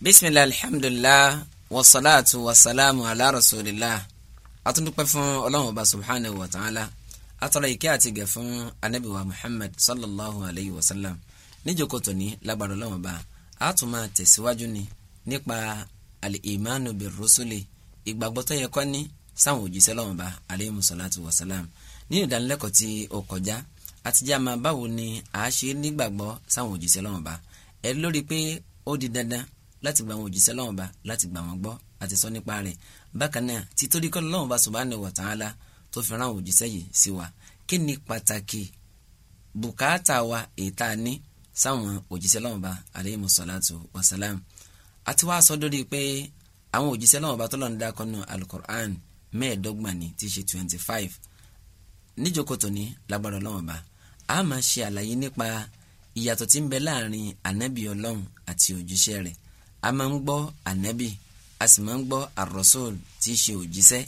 bisimilahi alhamdulilah wasalaatu wasalaamu ala rasulillah atúndúpẹ́ fún ọlọ́run ọba subhanahu wa ta'ala atọ́lá ìkẹ́ àti ìgẹ̀ fún anabiwa muhammad sallallahu alayhi wa sallam níjókòtò ní lágbàdo ọlọ́run ọba àtúmọ̀ tẹ̀síwájú ni nípa al-imanu bir-rusuli ìgbàgbọ́ tó yẹ kọ́ ní sáwọn òjíṣẹ́ ọlọ́run ọba alayhi salatu wa salam nínú ìdánilẹ́kọ̀ọ́ tí ó kọjá àti jẹ́ àmà báwo ni àá ṣe nígbàgbọ́ sáwọn òjíṣẹ́ ọlọ́run ọba ẹ lórí pé ó di dandan láti gba àwọn òjíṣẹ́ Ọlọ́run bá láti gba àwọn gbọ́ àti sọ nípa rẹ̀ bákan náà títorí kọ́ Ọlọ́run bá subhanahu wa ta'ala tó fi rán àwọn òjíṣẹ́ yìí sí wa kí ni pàtàkì bùkátà wa ètà ní sáwọn òjíṣẹ́ Ọlọ́run bá alayhi wa salam àti wàá sọ lórí pé àwọn òjíṣẹ́ Ọlọ́run bá tọ́lọ́ ń dákọ́ alukur'an mẹ́ẹ̀ẹ́dọ́gbọ̀n ni tí ṣe twenty five níjókòtò ní lágbára Ọlọ́run bá a máa ṣe àlàyé nípa ìyàtọ̀ tí ń bẹ láàrin a máa ń gbọ́ ànábì a sì máa ń gbọ́ àrọ́sọ́l tí í ṣe òjíṣẹ́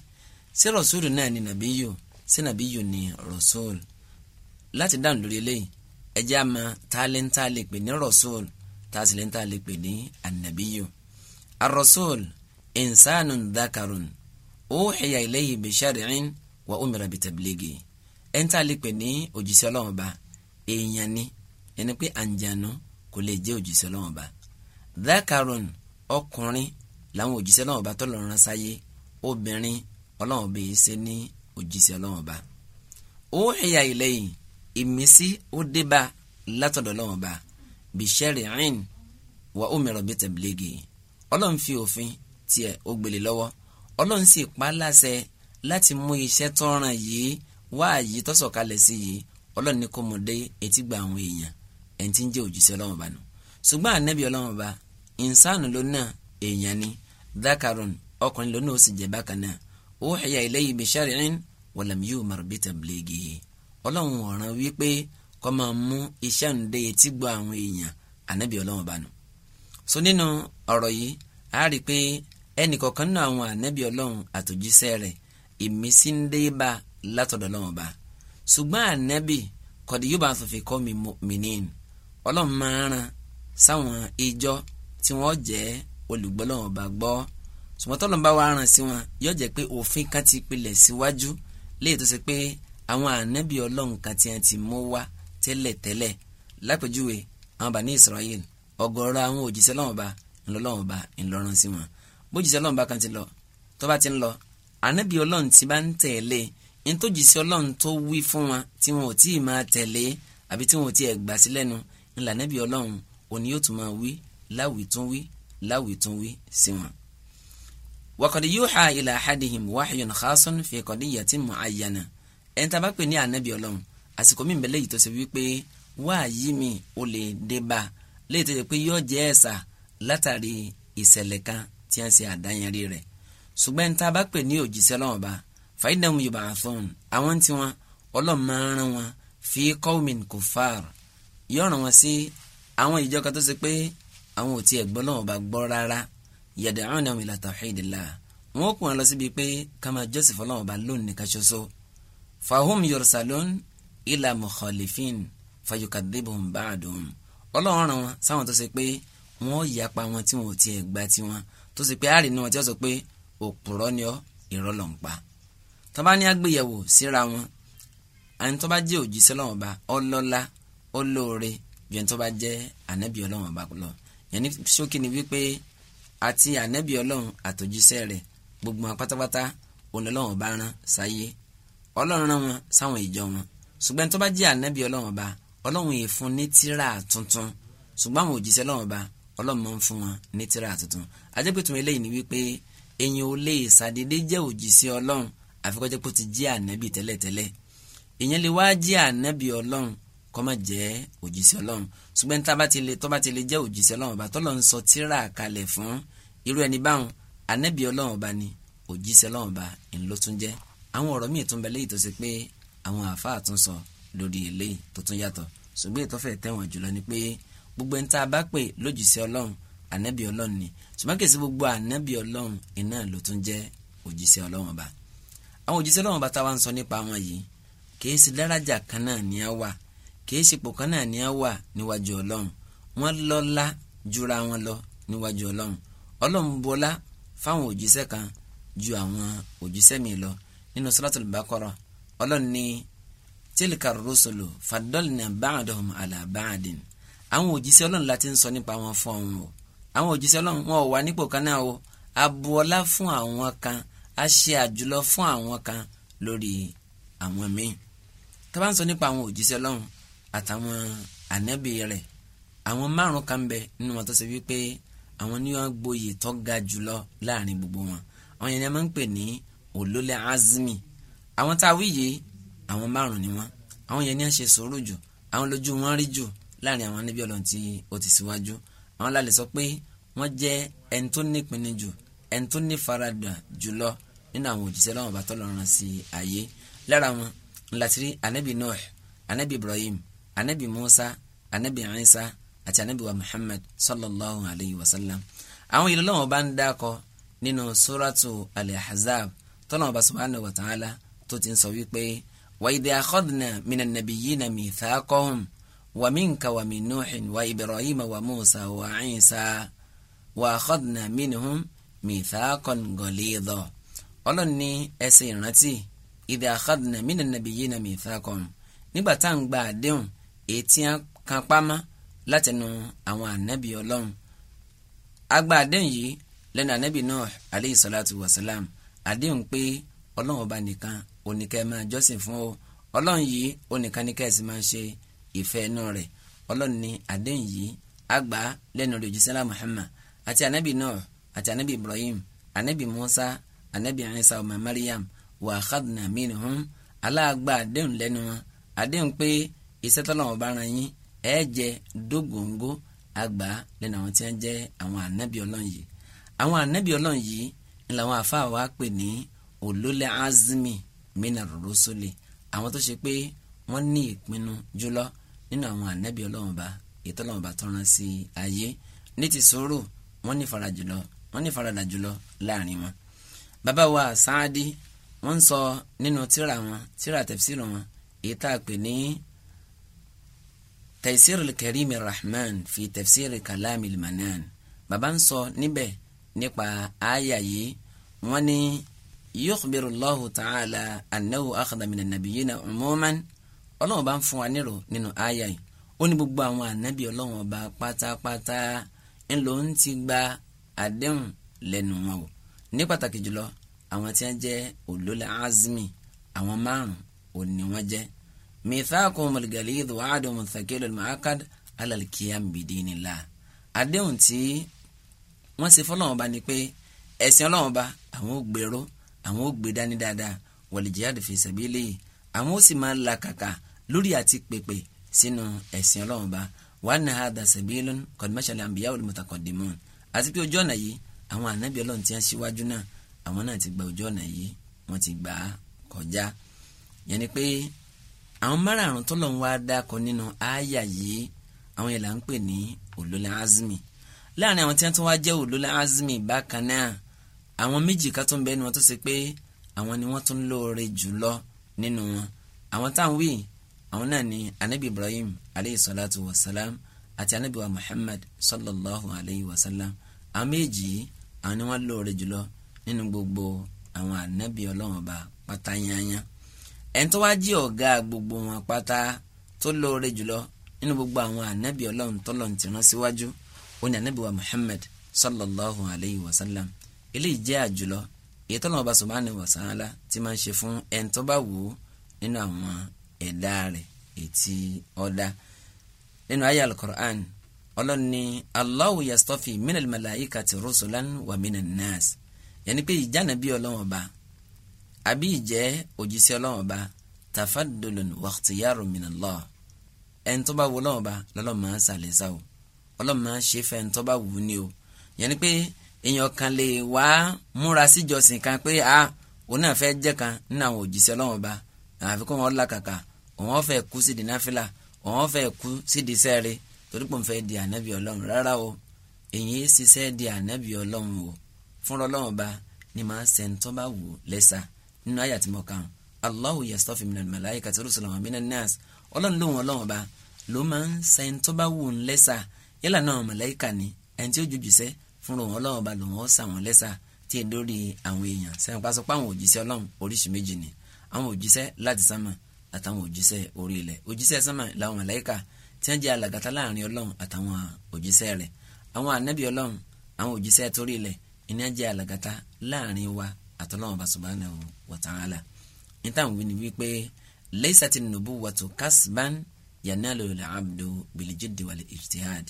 ṣé rọ́sọ́l náà ni nàbí yò ṣé nàbí yò ni rọ́sọ́l láti dáhùn lórí eléyìí ẹ jẹ́ a mọ̀ tálẹ́ńtà lè pè ní rọ́sọ́l tálẹ́ńtà lè pè ní ànábì yò àrọ́sọ́l ìnsánun dákàrún ó ẹ̀yà ìlẹ́yìí bìṣàrìín wà ó mìíràn bìtẹ̀bìlẹ́gì ẹ̀ ń tà lè ni ẹni pé àǹjànú kò lè jẹ́ òjíṣẹ́ ọlọ́run dákàrún ọkùnrin làwọn òjíṣẹ́ náà bá tọ́lọ̀ rán sáyé obìnrin ọlọ́run bèè ṣe ní òjíṣẹ́ ọlọ́run bá ó ẹ̀yà ìlẹ́yìn ìmísí ó débà látọ̀dọ̀ ọlọ́run bá bìṣẹ́rì rìn wà ómìíràn bíi tẹ̀bílẹ́gì ọlọ́run fi òfin tiẹ̀ ó gbélé lọ́wọ́ ọlọ́run sì pa á láṣẹ láti mú iṣẹ́ tọ́ran yìí wá àyè tọ́sọ̀kalẹ̀ sí yìí ọlọ́run ní kó mú dé etí gba àwọn èèyàn ẹni tí ń jẹ́ òjíṣẹ́ ọlọ́run bá nù ṣùgbọ́n ànẹ́bí ọlọ́run bá ìnsánu lónà èèyàn ni dákàrún ọkùnrin lónà ó sì jẹ́ bákan náà uhiya ilayhi bi shar'in wa lam yu'mar bi tablighihi ọlọ́run ọ̀ràn wípé kọ́ máa mú iṣẹ́ ǹdẹ etí gbọ́ àwọn èèyàn ànábì ọlọ́run bá nù. so nínú ọ̀rọ̀ yìí a rí i pé ẹnì kọ̀ọ̀kan nínú àwọn ànábì ọlọ́run àtòjíṣẹ́ rẹ̀ ìmísí ń dé bá látọ̀dọ̀ ọlọ́run bá ṣùgbọ́n ànábì kọ̀dí yóò bá sọ fi kọ́ mi mìíní ọlọ́run máa ń ran sáwọn ìjọ tí wọ́n jẹ́ olùgbọ́lọ́wọ́n bá gbọ́ ṣùgbọ́n tọ́lọ́n bá wa ràn sí wọn yóò jẹ́ pé òfin kan ti pilẹ̀ síwájú léyìí tó ṣe pé àwọn ànábì ọlọ́run kan ti hàn ti mú wá tẹ́lẹ̀tẹ́lẹ̀ lápèjúwe àwọn bàní Israel ọ̀gọ̀rọ̀ àwọn òjíṣẹ́ lọ́wọ́n bá ńlọ́wọ́n bá ńlọ́run sí wọn bójíṣẹ́ lọ́wọ́n bá kan ti lọ tó bá ti ń lọ ànábì ọlọ́run ti bá ń tẹ̀lé nítòjíṣẹ́ ọlọ́run tó wí fún wọn tí wọn ò tí ì máa tẹ̀lé àbí tí wọn ò tí ì gbà sí lẹ́nu ńlá ànábì ọlọ́run òní yóò tún máa wí láwìtúnwí láwìtúnwí sí wọn. wakọ̀dí yóò ha ilà ahadihim wáhayọ̀n xaasun fi kọ̀dí yàtí mu àyànà ẹni tá a bá pè ní ànábì ọlọ́run àsìkò mi ń bẹ̀lẹ́ yìí tó ṣe wípé wáàyí mi ò lè dé bá léyìí tó ṣe pé yóò jẹ́ ẹ̀sà látàrí ìṣẹ̀lẹ̀ kan tí a ṣe àdáyanrí rẹ̀ ṣùgbọ́n ẹni tá pè ní òjíṣẹ́ ọlọ́run ọba yorùbá àfọ̀n àwọn tí wọn ọlọ́run wọn fi kọ́wmin kò fàr yóò wọn sí àwọn ìjọ kan tó ṣe pé àwọn ò tiẹ̀ gbọ́ lọ́wọ́ bá gbọ́ rárá yad'unahum ila tawhidillah wọn ó kún wọn lọ síbi pé ká máa jọ́sìn bá lónìí nìkan ṣoṣo fahum yursalun ila mukhalifin fayukadhibuhum ba'duhum ọlọ́run ràn wọn sáwọn tó ṣe pé wọn ò yapa wọn tí wọn ò tiẹ̀ gba tiwọn tó ṣe pé àárín náà wọn ti sọ pé òpùrọ́ ni ọ́ irọ́ ló ń pa tó bá ní àgbéyẹ̀wò síra wọn àni tó bá jẹ́ òjíṣẹ́ Ọlọ́run Ọba ọlọ́lá ọlọ́ọ̀rẹ́ ju ẹni tó bá jẹ́ ànábì Ọlọ́run Ọba lọ yẹn ní ṣókí ni wípé àti ànábì ọlọ́run àtòjíṣẹ́ rẹ̀ gbogbo wọn pátápátá òun lọ́wọ́n bá rán sáyé ọlọ́run rán wọn sáwọn ìjọ wọn ṣùgbọ́n tó bá jẹ́ ànábì ọlọ́run bá ọlọ́run yìí fún ní tírà tuntun ṣùgbọ́n àwọn òjíṣẹ́ ọlọ́run bá ọlọ́run máa ń fún wọn ní tírà tuntun ajẹ́pẹ̀tùn eléyìí ni wípé èyàn ò lè ṣàdédé jẹ́ òjíṣẹ́ ọlọ́run àfikọ́jẹ́ pé ó ti jẹ́ ànábì tẹ́lẹ̀tẹ́lẹ̀ èyàn lè wá jẹ́ ànábì ọlọ́run kó má jẹ́ òjíṣẹ́ ọlọ́run ṣùgbọ́n tá a bá ti lè tó bá ti lè jẹ́ òjíṣẹ́ ọlọ́run ọba tọ́lọ́ ń sọ tírà kalẹ̀ fún irú ẹni báwọn ànábì ọlọ́run ọba ni òjíṣẹ́ ọlọ́run ọba ńlọ tún jẹ́ àwọn ọ̀rọ̀ míì tún bẹ léyìí tó ṣe pé àwọn àáfàá tún sọ lórí eléyìí tó tún yàtọ̀ ṣùgbọ́n ìtọ́fẹ́ tẹ̀wọ̀n jùlọ ni pé gbogbo ẹni tá a bá pè lójíṣẹ́ ọlọ́run ànábì ọlọ́run ni ṣùgbọ́n kìí ṣe gbogbo ànábì ọlọ́run iná kìí ṣe pò kan náà ni a wà níwájú ọlọ́run wọ́n lọ́lá jura wọn lọ níwájú ọlọ́run ọlọ́run bọ́lá fáwọn òjíṣẹ́ kan ju àwọn òjíṣẹ́ mi lọ nínú Suratul Baqara ọlọ́run ní tilka rusulu faddalna ba'dahum ala ba'din àwọn òjíṣẹ́ ọlọ́run láti ń sọ nípa wọn fún ọ̀hún o àwọn òjíṣẹ́ ọlọ́run wọn ò wà nípò kan náà o abuọlá fún àwọn kan a ṣe àjùlọ fún àwọn kan lórí àwọn míì tá bá ń sọ nípa àwọn òjíṣẹ́ ọlọ́run àtàwọn ànábì rẹ̀ àwọn márùn kan bẹ nínú wọn tó ṣe wípé àwọn ni wọn gboyè tó ga jùlọ láàrin gbogbo wọn àwọn yẹn ni a máa ń pè ní olólè azmi àwọn tá a wí yìí àwọn márùn ni wọn àwọn yẹn ni a ṣe sùúrù jù àwọn lójú wọn rí jù láàrin àwọn ànábì Ọlọ́run tí ó ti síwájú àwọn lálẹ́ sọ pé wọ́n jẹ́ ẹni tó nípinnu jù ẹni tó nífaradà jùlọ nínú àwọn òjíṣẹ́ láwọn bàtọ́ lọ́rùn sí ayé lára wọn ńlá ti rí ànábì Ibrahim anabi musa anabi isa àti anabi wa muhammad sallallahu alayhi wa sallam àwọn ìlú lọ́wọ́ bá ń dákọ nínú suratu al-ahzab tọ́nà ọba subhanahu wa ta'ala tó ti ń sọ wípé wa idha akhadna mina nabiyyina mithaqahum wa minka wa min nuhin wa ibrahima wa musa wa isa wa akhadna minhum mithaqan ghalidha ọlọ́run ní ẹsẹ̀ ìrántí idha akhadna mina nabiyyina mithaqahum nígbà tá à ń gba àdéhùn ètí kan pamọ́ látẹnu àwọn ànábì ọlọ́run agba àdéhùn yìí lẹ́nu ànábì Nuh aleyhi salatu wa salam àdéhùn pé ọlọ́run ọba nìkan oníkẹ́ máa jọ́sìn fún o ọlọ́run yìí oníkan ní kẹ́sì máa ṣe ìfẹ́ inú rẹ̀ ọlọ́run ní àdéhùn yìí agba lẹ́nu rẹ̀ jísẹ́lá Muhammad àti ànábì Nuh àti ànábì Ibrahim ànábì Musa ànábì Isa ọmọ Maryam wa akhadna minhum aláàgbà àdéhùn lẹ́nu wọn àdéhùn pé iṣẹ́ tọ́lọ́wọ́n bá ran yín ẹ jẹ́ dógóńgó àgbà lẹ́nu àwọn tí wọ́n jẹ́ àwọn ànábì ọlọ́run yìí àwọn ànábì ọlọ́run yìí ni làwọn àfáà wa pè ní olólẹ̀ azmi mina rusuli àwọn tó ṣe pé wọ́n ní ìpinnu jùlọ nínú àwọn ànábì ọlọ́run bá ètò ọlọ́run bá tọ́ran sí ayé ní ti sòrò wọ́n ní fara jùlọ wọ́n ní faradà jùlọ láàrin wọn. bàbá wa sáádì wọ́n ń sọ nínú tíra wọn tíra tẹ̀fsírì wọn èyí tá a pè ní tafsir al-karim rahman fi tafsir kalam al-manan bàbá ń sọ níbẹ̀ nípa àyà yìí wọ́n ní yukhbiru Allahu ta'ala annahu akhadha mina nabiyyina umuman ọlọ́run bá ń fún wa nírò nínú àyà yìí ó ní gbogbo àwọn ànábì ọlọ́run ọba pátápátá ń lò ń ti gba àdéhùn lẹ́nu wọn o ní pàtàkì jùlọ àwọn tí wọ́n jẹ́ ulul azmi àwọn márùn òní wọ́n jẹ́ mithaqum al-ghalid wa adum thaqil ala al-qiyam bi tí wọ́n ṣe fọ́lọ́run ọba ni pé ẹ̀sìn Ọlọ́run ọba àwọn ò gbèrò àwọn ò gbé dání dáadáa wal jihad fi àwọn ó sì máa la kàkà lórí àti pèpè sínú ẹ̀sìn Ọlọ́run ọba wa anna hadha sabilun qad masha al-anbiya wal-mutaqaddimun àti pé ojú ọ̀nà yìí àwọn ànábì Ọlọ́run tí wọ́n ṣíwájú náà àwọn náà ti gba ojú ọ̀nà yìí wọ́n ti gbà á kọjá yẹn ni pé àwọn márààrún tó lọ́n wá dákọ̀ nínú àyà yìí àwọn yẹn là ń pè ní ulul azmi láàrin àwọn tí wọ́n tún wá jẹ́ ulul azmi bákan náà àwọn méjì ká tó ń bẹ́ẹ̀ ni wọ́n tó ṣe pé àwọn ni wọ́n tún lóore jùlọ nínú wọn àwọn táwọn wí àwọn náà ni anabi ibrahim aleyhi salatu wa salam àti anabi wa muhammad sallallahu alayhi wa salam àwọn méjì àwọn ni wọ́n lóore jùlọ nínú gbogbo àwọn anabi ọlọ́wọ́n ba pátá yányán ẹni tó wá jí ọ̀gá gbogbo wọn pátá tó lóore jùlọ nínú gbogbo àwọn ànábì ọlọ́run tọ́lọ́run ti rán síwájú ó ní ànábì wa Muhammad sallallahu alayhi wa sallam eléyìí jẹ́ àjùlọ èyí tọ́lọ́run ọba subhanahu wa ta'ala ti máa ń ṣe fún ẹni tó bá wù ú nínú àwọn ẹ̀dá rẹ̀ ètí ọ̀dà nínú ayé al-Qur'an ọlọ́run ní Allahu yastafi minal malaikati rusulan wa minan nas yẹn ni pé ìjànàbí ọlọ́run àbí ìjẹ́ òjíṣẹ́ ọlọ́run ọba tafadulun waqtiyaru minallah ẹni tó bá wù ọlọ́run ọba lọ́lọ́ máa ṣàlẹ̀ sá o ọlọ́run máa ṣe fẹ́ ẹni tó bá wù ní o yẹn ni pé èèyàn kan lè wá múra síjọsìn kan pé a ah, òun náà fẹ́ jẹ́ kan nínú àwọn òjíṣẹ́ ọlọ́run ọba àfi kó wọn làkàkà òun fẹ́ kú sídìí náfìlà òun fẹ́ kú sídìí sẹ́ẹ̀rẹ́ torí pò ń fẹ́ di ànábì ọlọ́run rárá o èyí ṣiṣẹ́ di ànábì ọlọ́run o fúnra ọlọ́run ọba ni màá ṣe ń tó bá wù lẹ́sàá nínú àyà tí mo kàn Allahu yastafi minal malaikati rusulan wa minan nas ọlọ́run lóhùn ọlọ́run ọba ló máa ń sẹ́yìn tó bá wù ú lẹ́sà yálà náà màláíkà ni ẹni tí ó jùjùsẹ́ fún òun ọlọ́run ọba lòun ó sà wọ́n lẹ́sà tí ẹ lórí àwọn èèyàn sẹ́yìn pásọ pé àwọn òjíṣẹ́ ọlọ́run oríṣi méjì ni àwọn òjíṣẹ́ láti sánmà àtàwọn òjíṣẹ́ orí ilẹ̀ òjíṣẹ́ sánmà làwọn màláíkà tí wọ́n jẹ́ alàgàtà láàrin ọlọ́run àtàwọn òjíṣẹ́ rẹ̀ àwọn ànábì ọlọ́run àwọn òjíṣẹ́ torí ilẹ̀ ìní jẹ́ alàgàtà láàrin wa àtọ́lọ́wọ́n bá subhanahu wa ta'ala níta àwọn wíni wípé laysati nubuwatu kasban yanalu al-abdu biljiddi wal ijtihad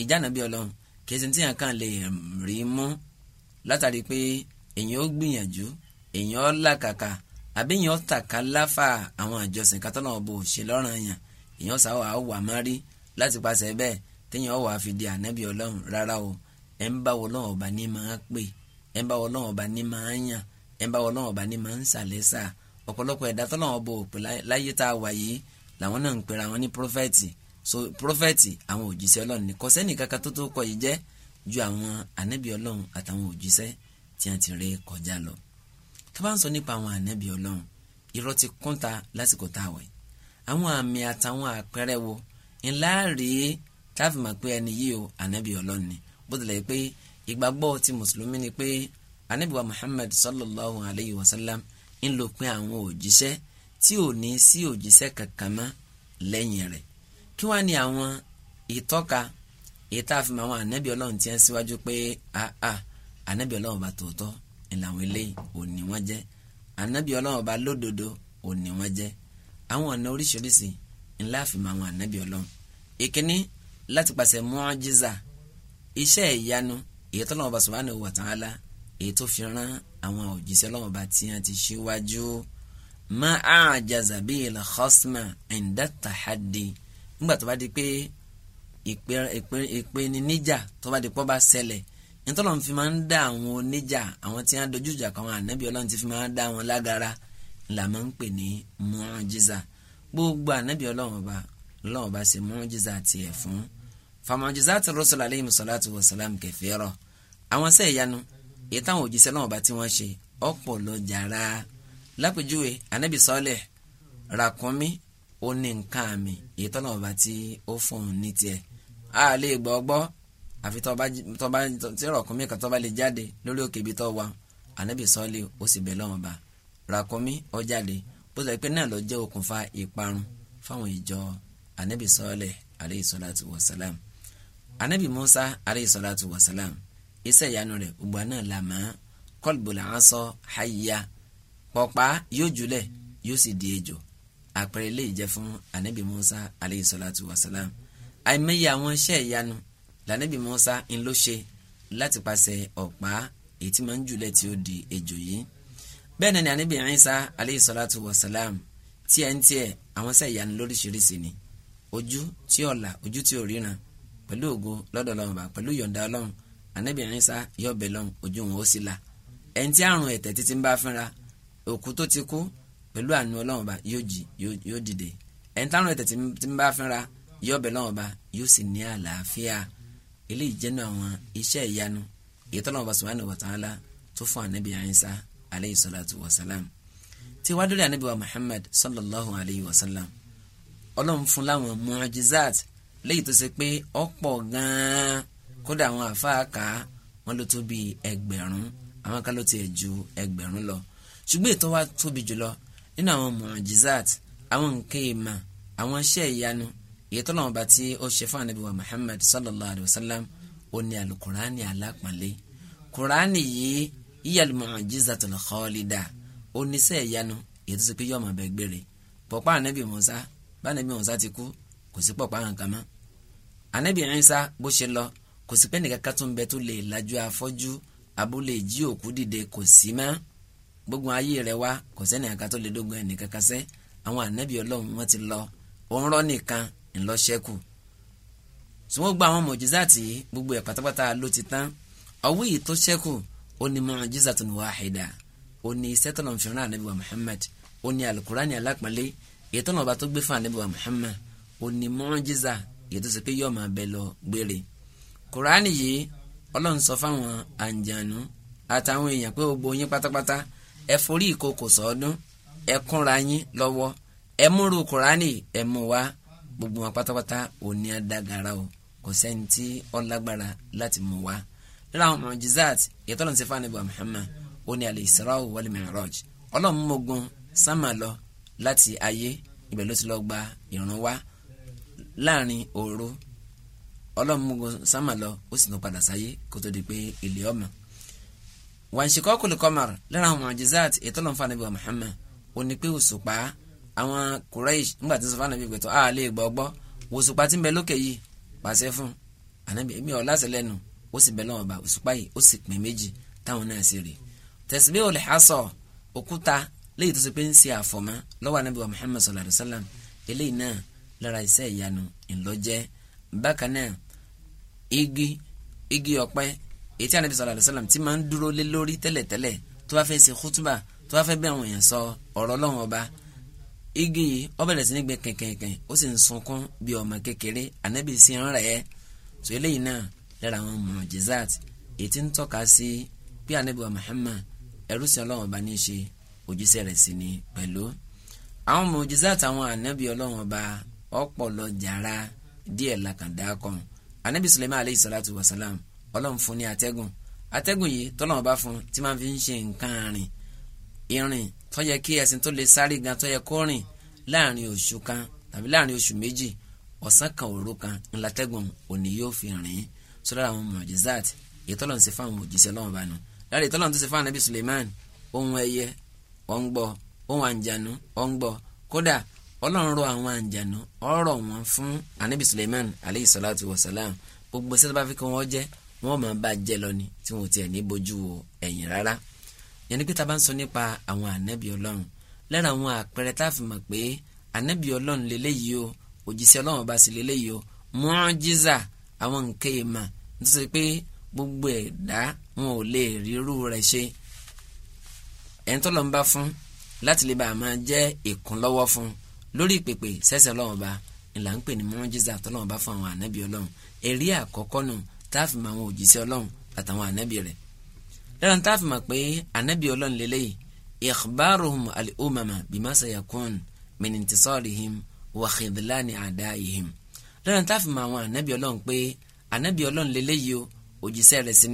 ìjà nàbí ọlọ́run kìí tí yàn kàn lè ehm, rí mú látàrí pé èyàn ó gbìyànjú èyàn ó làkàkà àbí èyàn ó tàka láfà àwọn àjọsìn kátọ́lọ́wọ́ bò ṣe lọ́rùn yàn èyàn sáwọ́ àwọ̀ àmárí láti pàṣẹ bẹ́ẹ̀ téèyàn wà á fi di ànábì ọlọ́run rárá o ẹ̀ ń bá wọ náà ọba ní máa pè ẹ̀ ń bá wọ náà ọba ní máa yàn ẹ̀ ń bá wọn náà bá ní máa ń ṣàlẹ́sà ọ̀pọ̀lọpọ̀ ẹ̀dá tó náà bò pé láyé tá a wà yìí làwọn náà ń pera wọn ní prọfẹ̀tì so prọfẹ̀tì àwọn òjíṣẹ́ ọlọ́run ni kò sẹ́ni kankan tó tó kọ yìí jẹ́ ju àwọn ànábì ọlọ́run àtàwọn òjíṣẹ́ tí a ti ré kọjá lọ tó bá ń sọ nípa àwọn ànábì ọlọ́run irọ́ ti kúnta lásìkò tá a wà àwọn àmì àtàwọn àpẹẹrẹ wo ńlá rèé ni bó tilẹ̀ pé ìgbàgbọ́ anabiwa muhammad sallallahu alayhi wa sallam ń lò pé àwọn òjíṣẹ́ tí ò ní sí òjíṣẹ́ kankan mọ́ lẹ́yìn rẹ̀ kí wá ní àwọn ìtọ́ka ìta àfihàn àwọn anabi ọlọ́run tí ń síwájú pé aa ah, anabi ah, ọlọ́run bá tòótọ́ ìlànà eléyìí òní wọ́n jẹ́ anabi ọlọ́run bá lódodo òní wọ́n jẹ́ àwọn ọ̀nà oríṣiríṣi ńlá àfihàn àwọn anabi ọlọ́run ìkíní láti pàṣẹ mu'jiza iṣẹ́ ìyanu èyí tọ́lọ́run bá subhanahu wa ta'ala èyí tó fi rán àwọn òjíṣẹ́ lọ́wọ́ bá tí wọ́n ti ṣíwájú má àjàzà bí ilà khosma ẹ̀ńdá tàhádì nígbà tó bá di pé ìpinnu níjà tó bá di pọ́ bá ṣẹlẹ̀ nítorí wọn fi máa ń dá àwọn oníjà àwọn tí wọn dojú ìjà kan wọn ànábì ọlọ́run ti fi máa ń dá wọn lágara là máa ń pè ní mọ́ọ́jísà gbogbo ànábì ọlọ́run ọba ọlọ́run ọba ṣe mọ́ọ́jísà tiẹ̀ fún famọ́jísà ti rọ́ṣọ́lá aleyhi musalatu wa salam kẹfẹ́ rọ àwọn sẹ́yìn yanu èyí táwọn òjíṣẹ́ náà bá tí wọ́n ṣe ọ̀pọ̀ lọ jàrá lápèjúwe anabi sọ́ọ̀lẹ̀ ràkúnmí ó ní nǹkan àmì èyí tọ́nà ọba tí ó fún un ní tiẹ̀ a lè gbọ́ gbọ́ àfi tọ́ba tí ràkúnmí kan tọ́ba lè jáde lórí òkè ibi tó wà anabi sọ́ọ̀lẹ̀ ó sì bẹ̀ lọ́wọ́n ba ràkúnmí ó jáde bó sọ pé náà ló jẹ́ okùnfà ìparun fáwọn ìjọ anabi sọ́ọ̀lẹ̀ aleyhisalatu wasalam anabi musa aleyhisalatu wasalam iṣẹ́ ìyanu rẹ̀ gbogbo àná là mọ́ kọ́lbù là ń sọ hayya pọ̀pá yóò jùlẹ̀ yóò sì di ejò àpẹẹrẹ ilé ìjẹ fún anabi musa aleyhi salatu wa salam àìmọye àwọn iṣẹ́ ìyanu lànàbì musa ń ló ṣe láti pàṣẹ ọ̀pá èyí tí máa ń jùlẹ̀ tí ó di ejò yìí bẹ́ẹ̀ náà ni anabi isa aleyhi salatu wa salam tiẹ̀ ń tiẹ̀ àwọn iṣẹ́ ìyanu lóríṣiríṣi ni ojú tí ọ̀la ojú tí ò ríran pẹ̀lú ògo lọ́dọ̀ ọlọ́run bá pẹ̀lú yọ̀ǹda ọlọ́run anabi Isa yóò bẹ̀ lọ́hùn ojú wọn ó sì là ẹni tí àrùn ẹ̀tẹ̀ títí ń bá fínra òkú tó ti kú pẹ̀lú àánú ọlọ́run ba yóò jí yóò dìde ẹni tí àrùn ẹ̀tẹ̀ títí ń bá fínra yóò bẹ̀ lọ́hùn yóò sì ní àlàáfíà eléyìí jẹ́nu àwọn iṣẹ́ ìyanu èyí tọ́lọ́run bá subhanahu wa ta'ala tó fún anabi Isa aleyhi salatu wa salam tí wàá dúró anabi wa Muhammad sallallahu alayhi wa salam ọlọ́run fún láwọn mu'jizat léyìí tó ṣe pé ọ̀pọ̀ gan-an kódà àwọn àáfàá kà á wọn ló tó bíi ẹgbẹ̀rún àwọn kan ló tiẹ̀ ju ẹgbẹ̀rún lọ ṣùgbọ́n ètò wa tóbi jùlọ nínú àwọn mọ̀jìzát àwọn nǹkan ìmọ̀ àwọn iṣẹ́ ìyanu èyí tó bá tí ó ṣe fún ànábì wa Muhammad sallallahu alayhi wa sallam ó ní alukuraani alápọ̀nlé kuraani yìí yíyá mọ̀jìzátùl khálídà ó ní iṣẹ́ ìyanu èyí tó ṣe pé yọ̀ọ̀mọ̀ bẹ́ẹ̀ gbére pọ̀pá ànábì Mùsá bá ànábì Mùsá ti kú kò sí pọ̀pá nǹkan mọ́ ànábì Ìsá bó ṣe lọ kò sí pé nìkan ká tún bẹ tó lè lajú afọ́jú abúlé jí òkú dìde kò sí mọ́ gbogbo ayé rẹ̀ wá kò sẹ́ni àká tó lè dógun ẹnìkan kan sẹ́ àwọn ànábì ọlọ́run wọn ti lọ òun rọ́ nìkan ńlọ́ṣẹ́kù sùnwọ́n gba àwọn mọ̀jísàtì gbogbo ẹ̀ pátápátá ló ti tán ọwọ́ yìí tó ṣẹ́kù ó ní mọ̀jísàtì wàhídà ó ní iṣẹ́ tọ́nà ànábì wa Muhammad ó ní alukurani alápọ̀nlé èyí tọ́nà ọba tó gbé fún ànábì wa Muhammad ó ní mọ̀jísà èyí tó ṣe pé lọ gbére kùránì yìí ọlọ́run sọ fáwọn àǹjànú àtàwọn èèyàn pé gbogbo yín pátápátá ẹ forí ìkokò sọ́ọ́dún ẹ kúnra yín lọ́wọ́ ẹ múru kùránì ẹ mú wá gbogbo wọn pátápátá òní adagara o kò sẹ́ni tí ó láti mú wá nínú àwọn mọ̀jísàt ìyẹ́tọ́lọ́n ti fáwọn ibùdó Muhammad ó ní al-Isra wal Mi'raj ọlọ́run mọ̀gùn sámà lọ láti ayé ibẹ̀ ló ti lọ gba ìrun láàrin òru ọlọ́run mú sámà lọ ó sì tún padà sáyé kó tó di pé ilé ọmọ. wàǹṣikọ́ kùlùkọ́mà lára àwọn àjíṣàt ètò ọlọ́nfà nàbí wa Muhammad ó ní pé òṣùpá àwọn Quraysh nígbà tí sọfà nàbí gbẹ̀tọ̀ àá lè gbọ́ gbọ́ òṣùpá tí ń bẹ lókè yìí pàṣẹ fún ànábì èmi ọ̀ láṣẹ lẹ́nu ó sì bẹ lọ́wọ́ bá òṣùpá yìí ó sì pín méjì táwọn náà sì rè tẹ̀síbí olè hasọ òkúta léyìí tó ṣe pé ń ṣe àfọ̀mọ́ lọ́wọ́ ànábì wa Muhammad sallallahu alayhi wa sallam eléyìí náà lára iṣẹ́ ìyanu ńlọ́jẹ́ bákan náà igi igi ọ̀pẹ ètí ànábì sallallahu alaihi wasallam tí máa ń dúró lé lórí tẹ́lẹ̀tẹ́lẹ̀ tó bá fẹ́ ṣe kútúbà tó bá fẹ́ bí àwọn èèyàn sọ ọ̀rọ̀ Ọlọ́run ọba igi yìí ó bẹ̀rẹ̀ sí ní gbẹ kẹ̀kẹ̀kẹ̀ ó sì ń sunkún bí ọmọ kékeré ànábì sí ń rẹ̀ ẹ́ tó eléyìí náà lára àwọn mọ̀jẹ̀zát ètí ń tọ́ka sí pé ànábì wa Muhammad ẹrú sí Ọlọ́run ọba ní í ṣe òjíṣẹ́ rẹ̀ sí ni pẹ̀lú àwọn mọ̀jẹ̀zát àwọn ànábì Ọlọ́run ọba ọ̀pọ̀ lọ jàrá díẹ̀ làkàndá kan anabi suleiman aleyhi salatu wa salam ọlọ́run fún ní atẹ́gùn atẹ́gùn yìí tọ́lọ́run bá fún tí máa fi ń ṣe nǹkan rìn irin tó yẹ kí ẹṣin tó lè sáré gan tó yẹ kó rìn láàrin oṣù kan tàbí láàrin oṣù méjì ọ̀sán kan òru kan ńlá tẹ́gùn òní yóò fi rìn sọ́dọ̀ àwọn mọ̀jísàt èyí tọ́lọ́run ṣe fáwọn òjíṣẹ́ lọ́wọ́ bá nu láàrin tọ́lọ́run tó ṣe fáwọn anabi suleiman ohun ẹyẹ ọ̀ ń gbọ́ ohun àǹjànú ọ̀ ń gbọ́ kódà ọlọ́run rọ àwọn àǹjànú ọ̀rọ̀ wọn fún anabi suleiman aleyhi salatu wa salam gbogbo sẹ́tọ́ bá fi kí wọ́n jẹ́ wọ́n máa bá jẹ́ lọ ni tí wọ́n tiẹ̀ ní bójú ẹ̀yìn rárá yẹn ni pé tá a bá ń sọ nípa àwọn anabi ọlọ́run lára àwọn àpẹẹrẹ tá a fi mọ̀ pé anabi ọlọ́run lélẹ́yìí o òjíṣẹ́ ọlọ́run bá sì lélẹ́yìí o mọ́ọ́jíza àwọn nǹkan ìmọ̀ nítorí pé gbogbo ẹ̀dá wọn ò lè rí irú rẹ̀ ṣe ẹ̀ńtọ́ lọ́nba fún láti lè bá a máa jẹ́ ìkúnlọ́wọ́ fún un lórí ìpèpè sẹ́sẹ̀ ọlọ́run ọba ńlá ń pè ní mọ́rọ́jísà tọ́lọ́run ọba fún àwọn ànábì ọlọ́run ẹ̀rí àkọ́kọ́ nù táàfin mọ àwọn òjíṣẹ́ ọlọ́run àtàwọn ànábì rẹ̀ lẹ́nu táàfin mọ̀ pé ànábì ọlọ́run lélẹ́yìí ikhbaruhum al-umama bima sayakun min intisarihim wa khidlani adaihim lẹ́nu táàfin mọ àwọn ànábì ọlọ́run pé ànábì ọlọ́run lélẹ́yìí o òjíṣẹ́ sí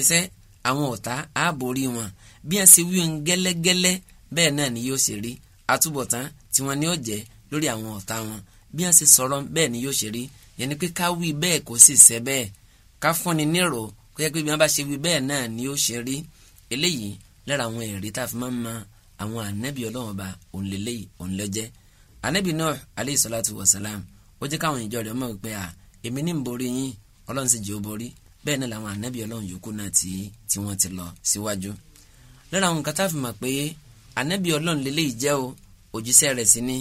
ni àwọn ọ̀tá á borí wọn bí wọ́n ṣe wí wọn gẹ́lẹ́gẹ́lẹ́ bẹ́ẹ̀ náà ni yóò ṣe rí àtúbọ̀tán tí wọ́n ní ó jẹ́ lórí àwọn ọ̀tá wọn bí wọ́n ṣe sọ̀rọ̀ bẹ́ẹ̀ ni yóò ṣe rí yẹn ni pé ká wí bẹ́ẹ̀ kó sì ṣẹ bẹ́ẹ̀ ká fúnni nírò kó yẹ pé bí wọ́n bá ṣe wí bẹ́ẹ̀ náà ni ó ṣe rí eléyìí lára àwọn ẹ̀rí tá a fi máa ma àwọn ànábì ọlọ́run ọba òun lélẹ́yìí salatu wa salam ó jẹ́ káwọn ìjọ rẹ̀ mọ̀ pé à èmi bẹ́ẹ̀ náà làwọn ànábì ọlọ́run yòókù náà tí tí wọ́n ti lọ síwájú lára àwọn nǹkan tá a fi mọ̀ pé ànábì ọlọ́run lélẹ́yìí jẹ́ o òjíṣẹ́ rẹ̀ sí ni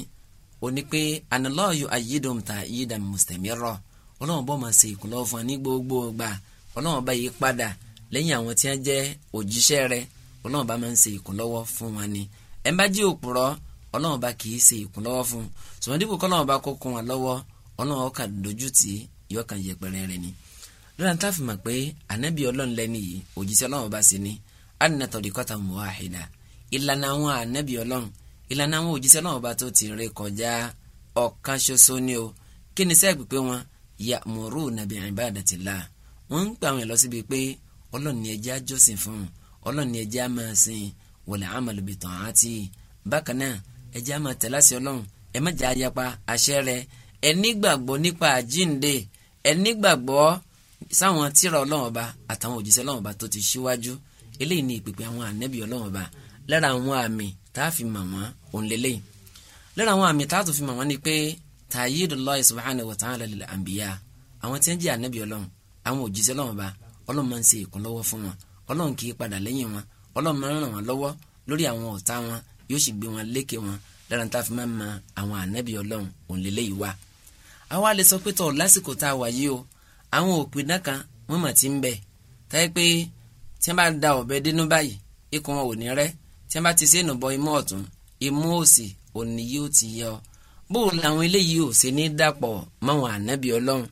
ó ní pé analọ́ọ̀yù ayídọ̀m ta ayídà mùsùlùmírọ̀ ọlọ́run bọ́ máa ṣe ìkúnlọ́wọ́ fún wa ní gbogbo ọgbà ọlọ́run bá yí padà lẹ́yìn àwọn tí wọ́n jẹ́ òjíṣẹ́ rẹ̀ ọlọ́run bá máa ṣe ìkúnlọ́wọ́ fún wa ni ẹ bá jí òpùrọ́ ọlọ́run bá kì í ṣe ìkúnlọ́wọ́ fún ṣùgbọ́n dípò kọ́lọ́run bá kó kún lọ́wọ́ ọlọ́run ọkà dojú yọkàn yẹpẹrẹ rẹ̀ ni lọ́la tá a fi mọ̀ pé ànábì ọlọ́run lẹ́ni yìí òjíṣẹ́ ọlọ́run bá sí ni anna tọ̀díkọ́ta mọ̀ wáhìdá ìlànà àwọn ànábì ọlọ́run ìlànà àwọn òjíṣẹ́ ọlọ́run bá tó ti ré kọjá ọ̀kan ṣoṣo ni o kí ni sẹ́ẹ̀ pípé wọn ya'muruna bi'ibadatillah wọ́n ń pè àwọn èèyàn lọ síbi pé ọlọ́run ni ẹjẹ́ àjọsìn fún ọlọ́run ni ẹjẹ́ àmà sìn wọlé amalu sáwọn tíra ọlọ́run ọba àtàwọn òjíṣẹ́ ọlọ́run ọba tó ti ṣíwájú eléyìí ni ìpèpè àwọn ànẹ́bí ọlọ́run ọba lára àwọn àmì tá a fi mọ̀ wọ́n òun lélẹ́yìn lára àwọn àmì tá a tún fi mọ̀ wọ́n ni pé tayyidullahi subhanahu wa ta'ala lil anbiya àwọn tí wọ́n jẹ́ ànẹ́bí ọlọ́run àwọn òjíṣẹ́ ọlọ́run ọba ọlọ́run máa ń ṣe ìkúnlọ́wọ́ fún wọn ọlọ́run àwọn òpìdán kan wọ́n mọ̀ ti ń bẹ táyé pé tí wọ́n bá da ọ̀bẹ dínú báyìí ikùn wọn ò ní rẹ́ tí wọ́n bá ti sẹ́nu bọ imú ọ̀tún imú òsì òní yóò ti yọ bóun làwọn eléyìí ò ṣe ní dàpọ̀ mọ́wọn ànábì ọlọ́run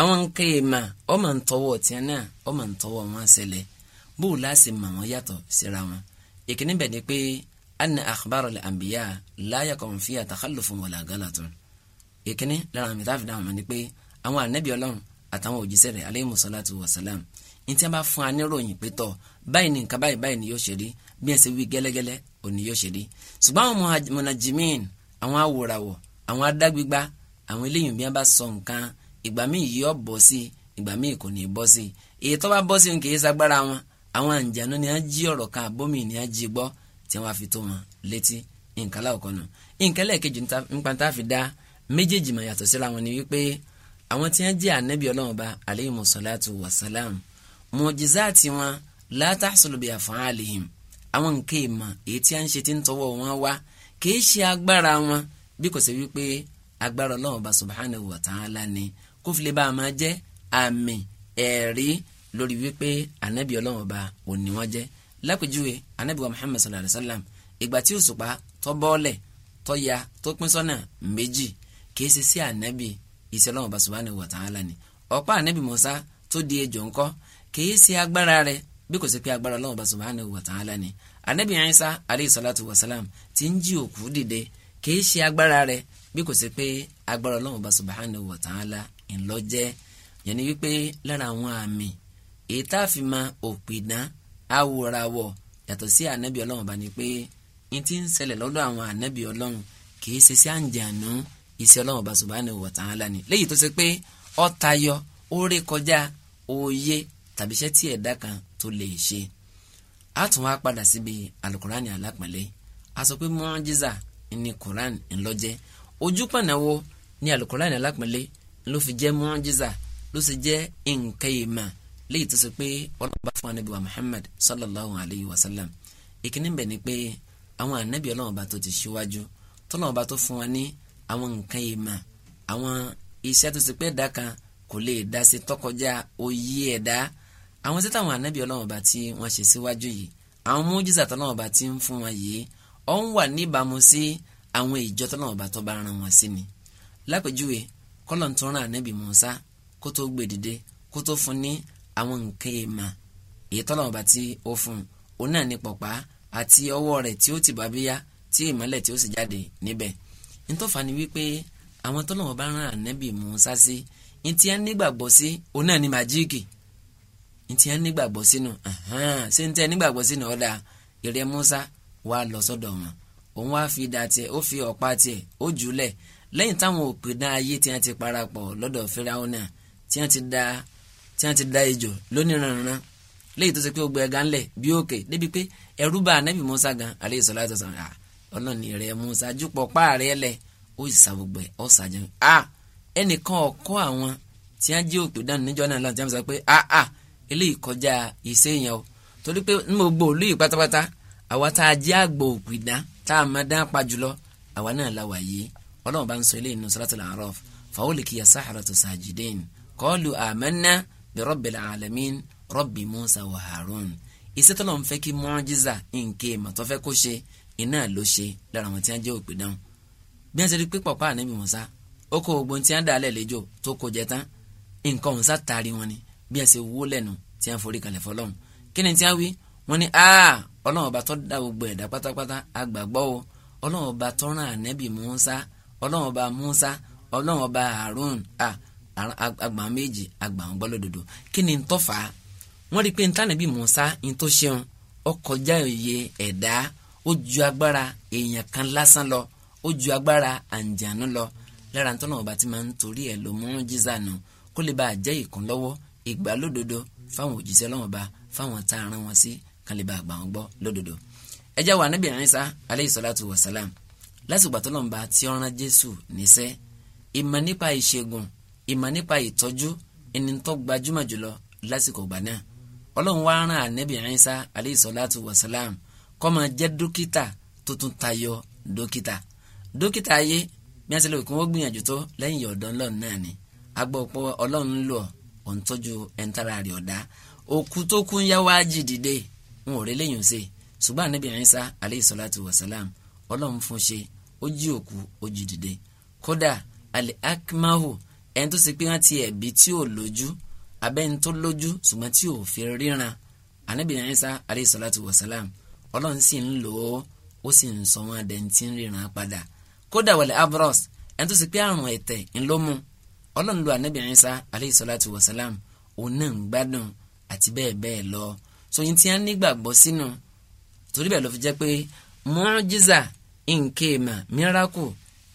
àwọn nǹkan èèmà ọmọ ń tọwọ́ tiẹ̀ náà ọmọ ń tọwọ́ wọn ṣẹlẹ̀ bóun láṣẹ mọ̀ wọn yàtọ̀ síra wọn ìkíní bẹ̀ ni pé anna akhbara al-anbiya la yakun fiha takhallufun wala galatun ìkíní lára mi táfi dáhùn mi ni pé àwọn ànábì ọlọ́run àtàwọn òjíṣẹ́ rẹ̀ aleyhi musalatu wa salam ní a bá fún aníròyìn pé tọ́ báyìí ní nǹkan báyìí báyìí ni yóò ṣe rí bí ẹ ṣe wí gẹ́lẹ́gẹ́lẹ́ òní yóò ṣe rí ṣùgbọ́n àwọn mọ̀nàjìmíìn àwọn awòràwọ̀ àwọn adágbígbá àwọn eléyìí bí wọ́n bá sọ nǹkan ìgbà míì yóò bọ́ sí ìgbà míì kò ní bọ́ sí èyí tó bá bọ́ wọn àwọn àǹjànú ni a jí ọ̀rọ̀ kan àbómi ni jí gbọ́ fi tó wọn létí nǹkan láwùkọ́ nǹkan lẹ́ẹ̀kejì nípa a fi dá méjèèjì mọ̀ yàtọ̀ àwọn tí wọ́n jẹ́ ànábì ọlọ́run ọba aleyhi musalatu wa salam mọ̀jísáàtì wọn látàṣọlùbí àfọ̀hálìhìm àwọn nǹkan ìmọ̀ èyí tí a ń ṣe ti ń tọwọ́ wọn wá kìí ṣe agbára wọn bí kò ṣe wípé agbára ọlọ́run ọba subhanahu wa ta'ala ni kó fi lè bá a máa jẹ́ àmì ẹ̀rí lórí wípé ànábì ọlọ́run ọba ò ní wọ́n jẹ́ lápèjúwe ànábì wa muhammad sallallahu alayhi wa sallam ìgbà tí òṣùpá tó bọ́ọ̀lẹ̀ tó ya tó pín sọ́nà méjì kìí ṣe sí ànábì iṣẹ́ Ọlọ́run Ọba Subhanahu wa Ta'ala ni ọ̀pá ànábì Mùsá tó di ejò ńkọ́ kìí ṣe agbára rẹ̀ bí kò sí pé agbára Ọlọ́run Ọba Subhanahu wa Ta'ala ni ànábì Ìsá alayhi salatu wa salam ti ń jí òkú dìde kìí ṣe agbára rẹ̀ bí kò sí pé agbára Ọlọ́run Ọba Subhanahu wa Ta'ala ńlọ́jẹ́ yẹn ni wípé lára àwọn àmì èyí tá a fi ma òpìdán awòràwọ̀ yàtọ̀ sí ànábì Ọlọ́run bá ní pé n ti ń iṣẹ́ ọlọ́run ọba subhanahu wa ta'ala ni léyìí tó ṣe pé ó tayọ ó ré kọjá òye tàbí iṣẹ́ tí ẹ̀dá kan tó lè ṣe a tún wá padà síbi alukurani alápọ̀nlé a sọ pé mọ́ńjísà ni kuran ńlọ́jẹ́ ojú pọ̀nà wo ni alukurani alápọ̀nlé ló fi jẹ́ mọ́ńjísà ló sì jẹ́ nǹkan ìmọ̀ léyìí tó ṣe pé ọlọ́run bá fún anabi wa Muhammad sallallahu alayhi wa sallam ìkíní bẹ̀ ni pé àwọn anabi ọlọ́run bá tó ti ṣíwájú tọ́lọ́run bá tó fún wa ní àwọn nǹkan ìmọ̀ àwọn iṣẹ́ tó ti pẹ́ dá kan kò lè dá sí tọkọjá òye ẹ̀dá àwọn títà àwọn ànábì Ọlọ́run ọba tí wọ́n ṣe síwájú yìí àwọn mójísà tọ́lọ́run ọba tí ń fún wọn yìí ọ ń wà níbàámu sí àwọn ìjọ tọ́lọ́run ọba tó bá ran wọn sí ni lápèjúwe kọ́lọ̀ ń tún ran ànábì Mùsá kó tó gbé kó tó fún ní àwọn nǹkan ìmọ̀ èyí tọ́lọ́run tí ó fún òun náà ní pọ̀pá àti ọwọ́ rẹ̀ tí ó ti bàbíyá tí ìmọ́lẹ̀ tí ó sì jáde níbẹ̀ ntọ́fà ni wípé àwọn tọ́lọ́wọ́ bá rán ànábì Mùsá sí ntí á nígbàgbọ́ sí òun náà ni màjíìkì ntí á nígbàgbọ́ sínú ṣé ntí á nígbàgbọ́ sínú ọ̀dà ìrẹ́ Mùsá wà lọ sọ́dọ̀ wọn òun wá fi dà tiẹ̀ ó fi ọ̀pá tiẹ̀ ó jùlẹ̀ lẹ́yìn táwọn òpìdá ayé tí wọ́n ti parapọ̀ lọ́dọ̀ Fíráúnà tí wọ́n ti da tí da ejò lóníranran lẹ́yìn tó ṣe pé ó gbẹ ẹ̀gá ńlẹ̀ bí òkè débi pé ẹ̀rú bá ànábì Mùsá gan alayhi salatu wa ọlọ́ni rẹ̀ Musa jùpọ̀ páàrẹ́ lẹ̀ ó sì sa gbogbo ẹ̀ ọ́ sàjẹun a ẹnìkan ọ̀kọ́ àwọn tí wọ́n jẹ́ òpè dànù níjọ́ náà láti sọ pé a a eléyìí kọjá iṣẹ́ yẹn o torí pé ní gbogbo òlú yìí pátápátá àwa tá a jẹ́ àgbò òpè dán tá a máa dán pa jùlọ àwa náà la wà yìí ọlọ́run bá ń sọ eléyìí nínú Suratul A'raf fa'ulqiya as-sahratu tó lọ́n fẹ́ kí mu'jiza nǹkan iná ló ṣe lára àwọn tí wọ́n jẹ́ òpè dáhùn bí wọ́n ṣe rí pípọ̀ pa ànábì Mùsá ó kó gbogbo tí wọ́n dà á lẹ̀ lẹ́jọ́ tó kó jẹ tán nǹkan Mùsá taari wọn ni bí wọ́n ṣe wó lẹ́nu tí wọ́n forí kalẹ̀ fọlọ́hún kí ni tí wọ́n wí wọ́n ní aa Ọlọ́run ọba tó dá gbogbo ẹ̀dá pátápátá agbàgbọ́ o Ọlọ́run ọba tó rán Mùsá Ọlọ́run ọba Mùsá Ọlọ́run ọba Harun àgbà méjì àgbà ń gbọ́ kí ni ntọ́fà wọ́n rí pé ntànàbí Mùsá ntọ́ṣeun ọkọjá òye ẹ̀dá ó ju agbára èèyàn kan lásán lọ ó ju agbára àǹjànú lọ lára tó náà ọba tí máa ń torí ẹ̀ ló múrún jíza nù kó lè bá a jẹ́ ìkúnlọ́wọ́ ìgbàlódodo fáwọn òjíṣẹ́ lọ́wọ́ bá fáwọn tá a rán wọn sí kan lè bá a gbà wọn gbọ́ lódodo ẹ jẹ́ wà níbi ìrìnsá aleyhi salatu wa salam lásìgbà tó lọ́nba tí ó rán Jésù níṣẹ́ ìmọ̀ nípa ìṣègùn ìmọ̀ nípa ìtọ́jú ẹni tó gbajúmọ̀ jùlọ lásìkò gbà náà ọlọ́run wá rán ànábì ìrìnsá aleyhi salatu wa salam kó máa jẹ́ dókítà tó tún tayọ dókítà dókítà ayé bí wọ́n ti lè kí wọ́n gbìyànjú tó lẹ́yìn ọ̀dọ́ ọlọ́run náà ni agbọ́ pọ́ ọlọ́run ń lò ọ̀ ń tọ́jú ẹ̀ńtara rẹ̀ ọ̀dá òkú tó kú yá wá jì dìde ń ò rí lẹ́yìn ọ̀sẹ̀ ṣùgbọ́n Ànábì Ìsá alayhi salatu wa salam ọlọ́run fún ṣe ó jí òkú ó jí dìde kódà alẹ́ akimahu ẹni tó ṣe pé wọ́n ti ẹ̀bí tí ò lójú abẹ́ni tó lójú ṣùgbọ́n tí ò fi ríran Ànábì Ìsá alayhi salatu wa salam ọlọ́run sì ń lò ó ó sì ń sọ wọn dẹ̀ntì ń ríran padà kódà wàlẹ̀ abros ẹni tó sì pé àrùn ẹ̀tẹ̀ ńlọ́mú ọlọ́run lo ànábì Ìsá alayhi salatu wa salam òun náà ń gbádùn àti bẹ́ẹ̀ bẹ́ẹ̀ lọ sọyìn tí a ń nígbàgbọ́ sínú torí bẹ́ẹ̀ ló fi jẹ́ pé mọ́ọ́jísà nkéèmà mìíràkù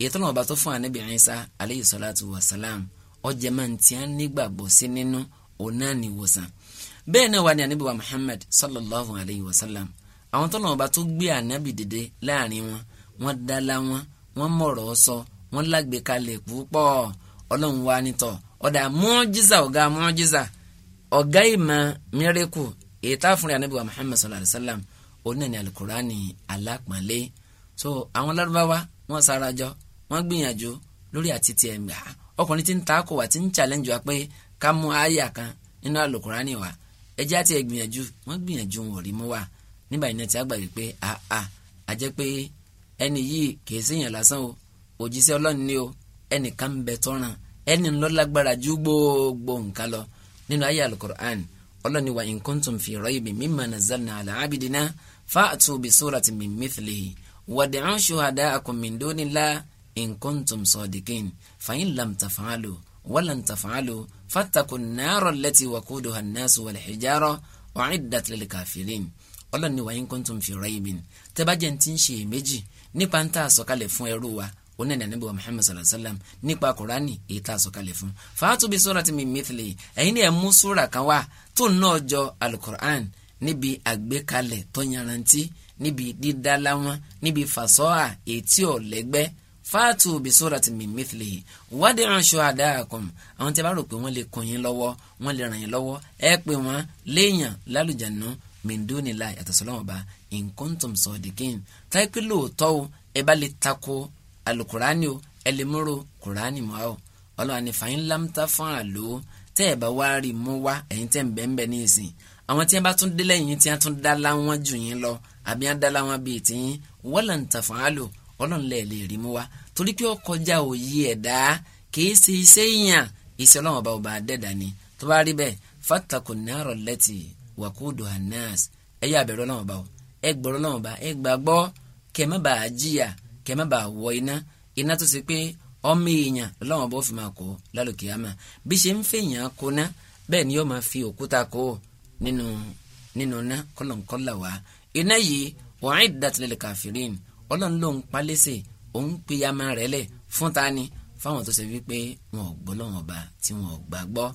ètò ọ̀nà ọba tó fún ànábì Ìsá alayhi salatu ọjà máa ń tí a nígbàgbọ́ sí nínú òun náà ní ìwòsàn bẹ́ẹ̀ náà wà ní ànábì wa Muhammad sallallahu alayhi wa salam àwọn tọ́nà ọba tó gbé ànábì dìde láàrin wọn wọ́n dálá wọn wọ́n mọ̀rọ̀ sọ wọ́n lágbèkalẹ̀ púpọ̀ ọlọ́run wa nítọ̀ ọ̀dà mọ́jísà ọ̀gá mọ́jísà ọ̀gá ìmọ̀ mírẹ́kù èyí tá a fúnra ànábì wa Muhammad sallallahu alayhi wa sallam òun náà alukurani alápọ̀nlé so àwọn lárúbáwá wọ́n sarajọ wọ́n gbìyànjú lórí àti tiẹ̀ gbà ah, ọkùnrin tí ń ta kò wá tí ń challenge wa pé ká mú àyà kan nínú alukurani wa ẹjẹ́ àti ẹ̀ gbìyànjú wọ́n gbìyànjú wọn rí mú wa nígbà yìí náà tí a gbà wípé àà a jẹ́ pé ẹni yìí kìí ṣèyàn lásán o òjíṣẹ́ Ọlọ́run ni o ẹnìkan ń bẹ tọ́ran ẹni ń lọ lágbára ju gbogbo nǹkan lọ nínú ayé alukur'an Ọlọ́run ní wa in kuntum fi raybin mimma nazzalna ala abidina fa'tu bi suratin min mithlihi wad'u shuhada'akum min dunillahi in kuntum sadiqin fa in lam taf'alu walan taf'alu fattaqun nara allati waquduha an-nasu wal hijara u'iddat lil kafirin ọlọ́ni wàá yín kuntum fi raybin tẹ́ bá jẹ́ ní ti ń ṣe èméjì nípa ń tà sọ̀kalẹ̀ fún ẹrú wa oní ẹ̀nà níbi wa Muhammad sallallahu alayhi wa sallam nípa Kùránì èyí tá a sọ̀kalẹ̀ fún fàátù bíi sóra ti mi mìtìlì ẹ̀yin ni ẹ̀ mú sóra kan wá tó náà jọ alukur'an níbi àgbékalẹ̀ tó yanrantí níbi dídáláwọn níbi fasọ́à ètí ọ̀lẹ́gbẹ́ fàátù bíi sóra ti mi mìtìlì wádìí ránṣọ àdáàkùn àwọn tí a bá rò pé wọ́n lè kún yín lọ́wọ́ wọ́n lè ràn yín lọ́wọ́ ẹ pè wọ́n léèyàn lálùjánu mindunila àtọ̀sọ́lọ́mọba in kuntum sadiqin táìpé lóòótọ́ o ẹ bá lè takò alukurani o ẹ lè múrò kurani mọ́ ọ ọlọ́run ní fàyín lámta fún àlò tẹ́ ẹ bá wá rí mú wá ẹ̀yin tẹ́ ń bẹ́ẹ̀ bẹ́ẹ̀ ní ìsìn àwọn tí wọ́n bá tún dé lẹ́yìn tí wọ́n tún dá láwọn jù yín lọ àbí wọ́n dá láwọn bíi tìyín wọ́n là ń tà fún àlò ọlọ́run lè rí mú wá torí pé ó kọjá òye ẹ̀dá kìí ṣe iṣẹ́ ìyàn iṣẹ́ ọlọ́run ọba ọba dẹ́dà ni tó bá rí bẹ́ẹ̀ fatakùn náírà lẹ́tì wàkúùdù anas ẹ yá abẹ̀rẹ̀ ọlọ́run ọba o ẹ gbọ́rọ̀ ọlọ́run ọba ẹ gbàgbọ́ kẹ́ má bàa jìyà kẹ́ má bàa wọ iná iná tó ṣe pé ọmọ èèyàn ọlọ́run ọba ó fi máa kó lálùkì àmà bí ṣe ń fèèyàn kó ná bẹ́ẹ̀ ni yóò máa fi òkúta kó nínú nínú ná kọ́lọ̀ńkọ́lọ̀ wá iná yìí wọ́n á dàtìlẹ̀ kàfírìn ọlọ́run ló ń palẹ́sẹ̀ òun pe yamá rẹ̀ lẹ̀ fún tani fáwọn tó ṣe wípé wọn ò gbọ́ lọ́wọ́n ọba tí wọn ò gbàgbọ́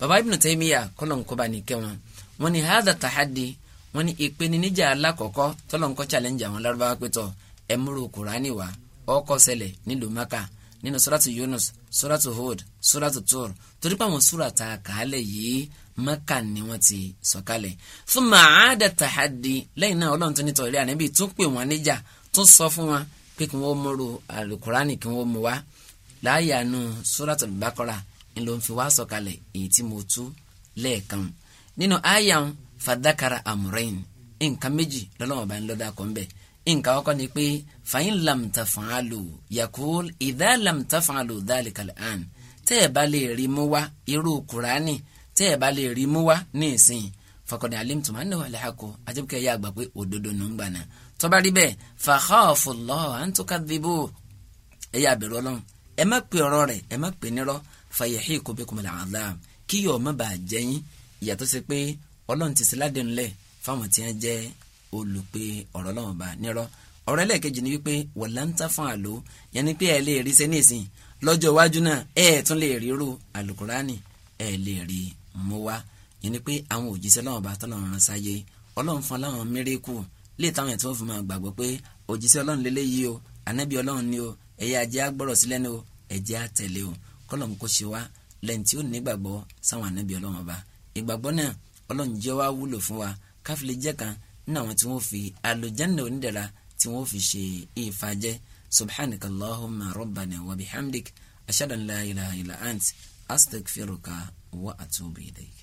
baba ibn Taymiya kọlọn kọba ní kẹ wọn wọn ni hadha tahadi wọn ni ìpèníjà alákọ̀ọ́kọ́ tọ́lọ́nkọ́ challenge àwọn lárúbáwá pẹ̀tọ́ ẹ̀múrò kùránì wa ọkọ̀ ṣẹlẹ̀ nílùú maka nínú suratu Yunus suratu hood suratu Tur torí pé àwọn surata kàálẹ̀ yìí maka ni wọ́n ti sọ̀kalẹ̀ fún màáda tahadi lẹ́yìn náà ọlọ́run tó nítorí ànábì tún pè wọ́n níjà tún sọ fún wọn pé kí wọ́n múrò alukurani kí wọ́n mú wa láàyè àánú suratu Baqara ńlọ fi wá sọ̀kalẹ̀ èyí tí mo tú lẹ́ẹ̀kan nínú àyà ń fàdákàrà àmúrẹ́yìn nǹkan méjì lọ́lọ́wọ́ bá ń lọ́dà kọ́ ń bẹ̀ nǹkan ọkọ ni pé fàyín làmùtà fàálù yakul ìdá làmùtà fàálù dálì kàlàn tẹ́ ẹ̀ bá lè rí mú wá irú kùránì tẹ́ ẹ̀ bá lè rí mú wá ní ìsìn fakọ̀dé alimtum anna wà láàkó àtẹ́bùkẹ́ yá àgbà pé òdodo nù ń gbà náà tọ́ba rí bẹ́ẹ̀ fàkọ́ọ̀fù lọ́ọ̀ à ẹ̀yà àbẹ̀rù ọlọ́run ẹ má pè ọ̀rọ̀ rẹ̀ ẹ má pè nírọ́ fàyẹ̀hí kòbẹ́kùnmọ́lá àdá kí yóò má bàa jẹ́yìn ìyàtọ̀ sí pé ọlọ́run ti síládé ńlẹ̀ fáwọn tí wọ́n jẹ́ olùpẹ̀ ọ̀rọ̀ ọlọ́run bá nírọ́ ọ̀rọ̀ ẹlẹ́ẹ̀kejì ni wípé wọ̀lá ń ta fún àlò yẹn ni pé ẹ lè rí sẹ́ni ìsìn lọ́jọ́ iwájú náà ẹ tún lè rí irú alukurani ẹ lè rí mú wá yẹn ni pé àwọn òjíṣẹ́ ọlọ́run bá tọ́lọ̀ rán sáyé ọlọ́run fún aláwọn mírèkù lè táwọn ẹ̀tún fún máa gbàgbọ́ pé òjíṣẹ́ ọlọ́run lélẹ́yìí o ànábì ọlọ́run ni o ẹ̀yà ajẹ́ agbọ́rọ̀ sílẹ̀ ni o ẹ̀jẹ̀ àtẹ̀lé o kọ́lọ́n kó ṣe wá lẹ́yìn tí ó nígbàgbọ́ sáwọn ànábì ọlọ́run ọba ìgbàgbọ́ náà ọlọ́run jẹ́ wá wúlò fún wa káfílẹ̀ jẹ́ kan nínú àwọn tí wọ́n fi àlùjánnà onídàra tí wọ́n fi ṣe ìfàjẹ́ subhanaka allahumma rabbana wa bihamdik ashhadu an la ilaha illa ant astaghfiruka wa atubu ilayk.